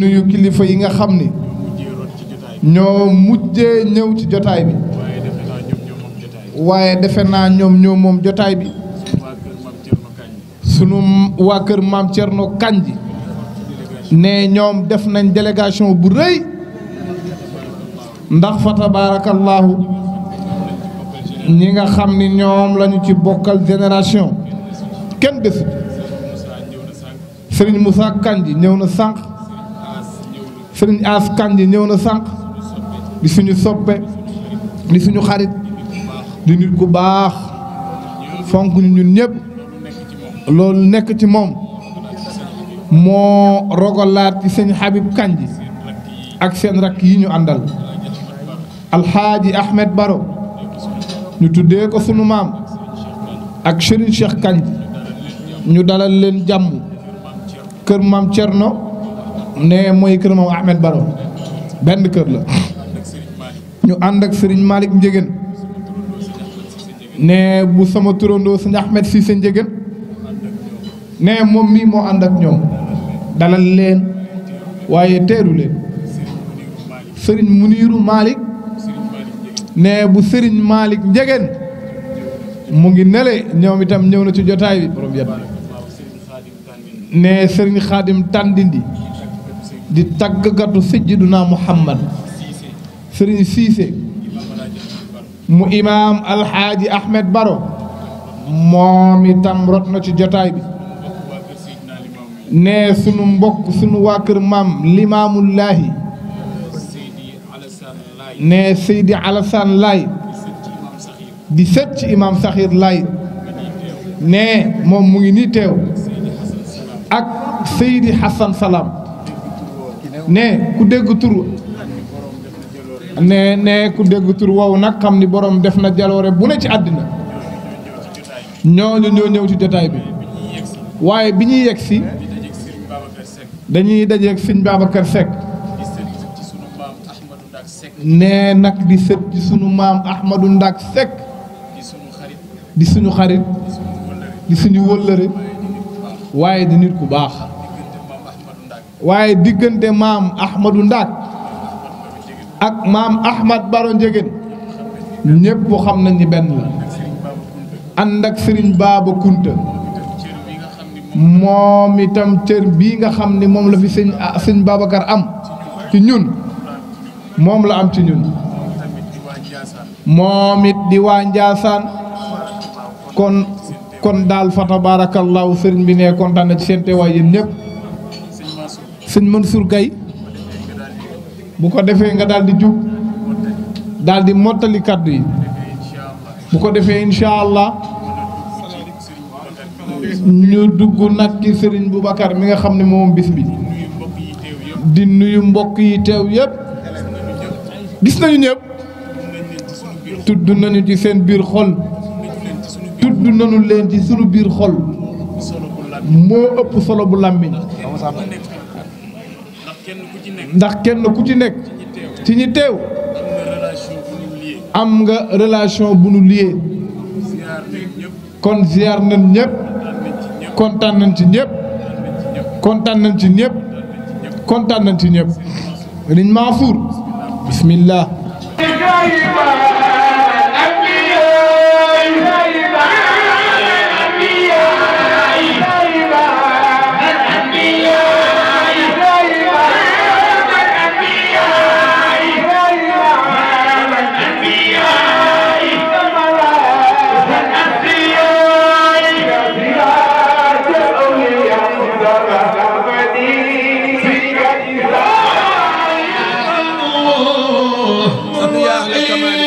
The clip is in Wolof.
nuyu kilifa yi nga xam ni ñoo mujjee ñëw ci jotaay bi waaye defe naa ñoom ñoo moom jotaay bi sunu waa kër maam Thierno Kandji ne ñoom def nañ délégation bu rëy ndax fa tabaarakallaahu ñi nga xam ni ñoom lañu ci bokkal génération kenn desul Serigne Moussa Kandji ñëw na sànq. sëriñ As Kandji ñëw na sànq di suñu soppe di suñu xarit di nit ku baax fonk ñu ñun ñëpp loolu nekk ci moom moo rogalaat yi sëñ Habib Kandji ak seen rakk yi ñu àndal alxaaji Ahmed Baro ñu tuddee ko sunu maam ak sëriñ Cheikh Kandji ñu dalal leen jàmm kër maam Thierno ne mooy kër moom Ahmed Baro benn kër la ñu ànd ak Serigne Malick Ndiéguène ne bu sama turandoo Serigne Ahmed si sa Ndiéguène ne moom mii moo ànd ak ñoom dalal leen waaye teeru leen Serigne Muniru Malick ne bu sëriñ Malick Ndiéguène mu ngi nele ñoom itam ñëw na ci jotaay bi borom yat ne Serigne Khadim Tandindi di tàggkatu sajjiduna muhammad sëriñ siise mu imam al haji ahmed baro momi tam rotna ci jotay bi ne sunu mbok sunu wa keur mam limamullah ne seydi alasan lay di sët ci imaam saxiir laay ne mom mu ngi ni tew ak seydi hasan salam. ne ku dégg tur ne ne ku dégg tur wow nag xam ni borom def na jaloore bu ne ci àddina ñooñu ñoo ñëw ci jotaay bi waaye bi ñuy yegg si dañuy dajeeg sëñ Babacar Seck nee nag di sët ci sunu maam Ahmadou Ndak Seck di suñu xarit di suñu wëllëre waaye di nit ku baax waaye diggante maam Ahmadou ndaat ak maam Ahmad Baro Njëgeen ñépp xam nañ ni benn la ànd ak Serigne Baba Kunta moom itam cër bii nga xam ni moom la fi sëñ ah, sëñ Babacar am ci ñun moom la am ci ñun moom it di waa Njaasaan kon kon daal fa tabaarakallaahu sëriñ bi ne kontaan na ci seen teewaay yéen ñëpp sëñ Mansour Gaye bu ko defee nga daal di daldi mottali kàddu yi bu ko defee incha allah ñu dugg nag ki bu Boubacar mi nga xam ne moom bis bi di nuyu mbokk yi teew yépp gis nañu ñépp tudd nañu ci seen biir xol tudd nañu leen ci sunu biir xol moo ëpp solo bu làmmiñ ndax kenn ku ci nekk ci ñi teew am nga relation bu nu lié kon ziar nañ ñëpp kontaan nañ ci ñëpp kontaan nañ ci ñëpp kontaan nañ ci ñëpp. Serigne Mansour bismillah Amen.